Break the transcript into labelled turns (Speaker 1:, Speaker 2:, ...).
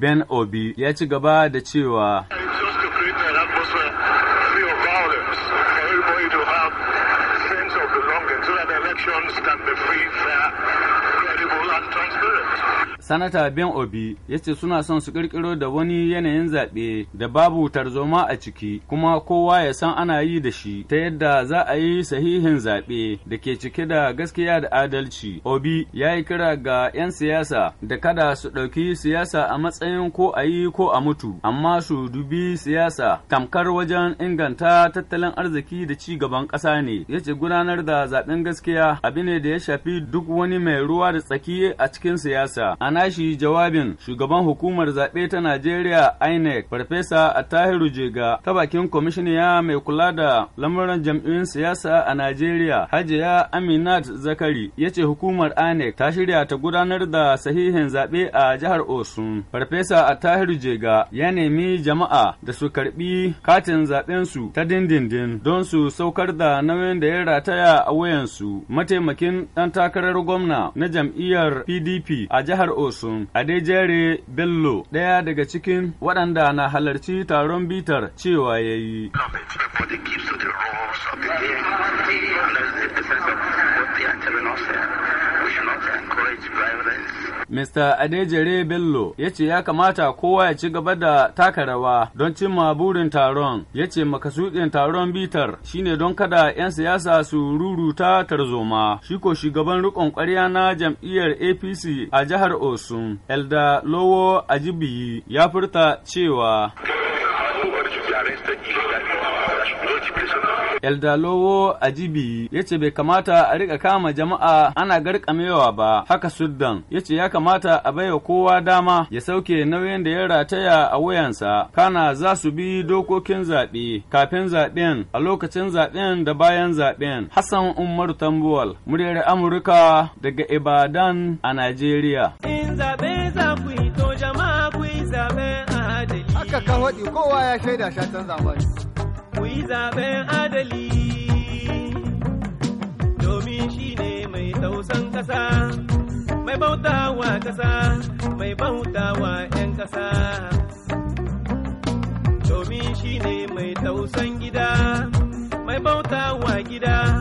Speaker 1: Ben Obi ya ci gaba da cewa. Sanata Ben Obi ya ce suna son su ƙirƙiro da wani yanayin zaɓe da babu tarzoma a ciki kuma kowa ya san ana yi da shi ta yadda za a yi sahihin zaɓe da ke cike da gaskiya da adalci. Obi ya yi kira ga 'yan siyasa da kada su ɗauki siyasa a matsayin ko a yi ko a mutu amma su dubi siyasa tamkar wajen inganta tattalin arziki da ci gaban ƙasa ne. Ya ce gudanar da zaɓen gaskiya abu ne da ya shafi duk wani mai ruwa da tsaki a cikin siyasa. nashi jawabin shugaban hukumar zaɓe ta Najeriya INEC Farfesa atahiru Jega ta bakin kwamishiniya mai kula da lamuran jam'iyyun siyasa a Najeriya Hajiya Aminat Zakari ya ce hukumar INEC ta shirya ta gudanar da sahihin zaɓe a jihar Osun. Farfesa atahiru Jega ya nemi jama'a da su karɓi katin zaɓensu ta dindindin don su saukar da nauyin da ya rataya a wayansu. Mataimakin ɗan takarar gwamna na jam'iyyar PDP a jihar Osun Osun. Adejere Bello ɗaya daga cikin waɗanda na halarci taron bitar cewa ya yi. Mr. Adejere Bello ya ce ya kamata kowa ya ci gaba da taka rawa don cimma burin taron. Ya ce makasudin taron bitar shine don kada 'yan siyasa su ruruta tarzoma. Shi ko shugaban rikon ƙwarya na jam'iyyar APC a jihar Osun, Elda Lowo Ajibiyi ya furta cewa. Eldalowo Ajibi ya ce bai kamata a riƙa kama jama'a ana garkamewa ba haka Sudan ya ce ya kamata a baiwa kowa dama ya sauke nauyin da ya rataya a wayansa kana za su bi dokokin zaɓe kafin zaɓen a lokacin zaɓen da bayan zaɓen Hassan Umar Tambuwal muryar Amurka daga Ibadan a Najeriya. In zaɓe Haka ka kowa ya shaida shatan zaɓen. ku yi zaben adali domin shi ne mai tausan ƙasa mai bautawa ƙasa mai bautawa 'yan ƙasa domin shi ne mai tausan gida mai bautawa gida